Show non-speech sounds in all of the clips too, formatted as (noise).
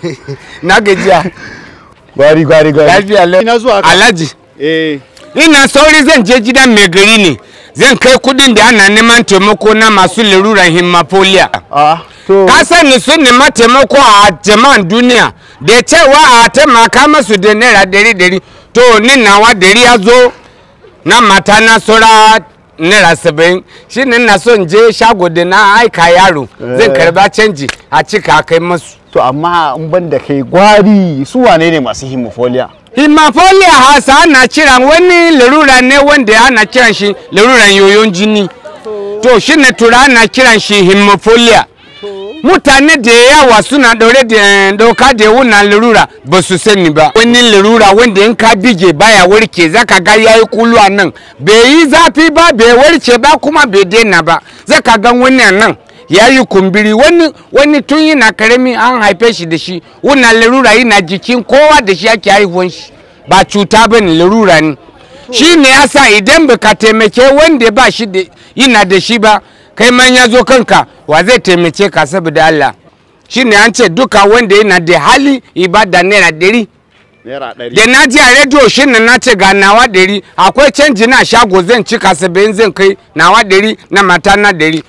(laughs) na gajiya gwari gwari gwari lafiya zuwa alhaji eh ina sauri zan je gidan mai gari ne zan kai kudin da ana neman taimako na masu laruran hemophilia ah, ka sani sun nema taimako a jama'an duniya da cewa a taimaka masu da naira dari dari to ni nawa dari ya zo na mata na sura naira saba'in shi ne na son je shago da na aika yaro zan eh. karba canji a cika kai masu to amma in ban da kai gwari su wane ne masu hemophilia hemophilia hasa ana kiran wani larura ne wanda ana kiran shi laruran yoyon jini to shi ne tura ana kiran shi hemophilia mutane da yawa suna ɗaure da eh, ɗauka da wuna larura ba su sani ba wani larura wanda in ka bige baya warke zaka ga yayi kuluwa nan bai yi zafi ba bai warke ba kuma bai daina ba zaka ga wani nan ya yi kumbiri wani wani tun na karami an haife shi da shi wuna larura na jikin kowa da shi ake haihuwan shi ba cuta ba ne larura ne shi ne ya sa idan baka taimake wanda ba shi da yana da shi ba kai man ya zo kanka wa zai taimake ka saboda Allah shi ne an ce duka wanda yana da hali ibada naira ɗari da na ji a rediyo shi ne na ce ga nawa ɗari akwai canji na shago zan cika saba'in zan kai nawa ɗari na mata na ɗari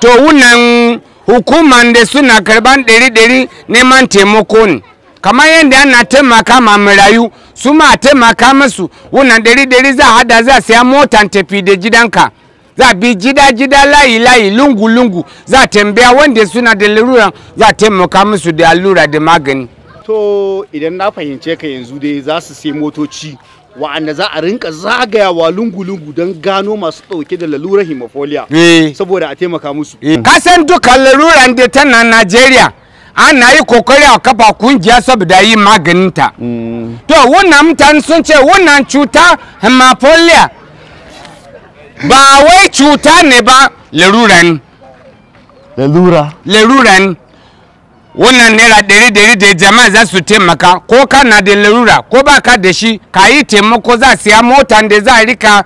to wannan hukuman da suna karban ɗari-ɗari neman taimako ne kamar yadda ana taimaka ma marayu su ma taimaka masu wannan ɗari-ɗari za hada za siya motan tafi da gidanka za bi gida-gida layi-layi lungu-lungu za tambaya wanda suna da larura za taimaka musu da allura da magani to idan na fahimce ka yanzu dai za su sai motoci wa'anda za a rinka zagayawa lungu-lungu don gano masu ɗauke da lalurar hemophilia eh. saboda a taimaka musu. Eh. kasan duka laluran da tana najeriya ana yi kokari a kafa kungiya saboda yi maganinta mm. to wannan mutane sun ce wannan cuta hemophilia ba wai cuta ne ba laluran lalura laluran wannan naira ɗari ɗari da jama'a za su taimaka ko kana da larura ko baka da shi ka yi taimako za siya mota da za a rika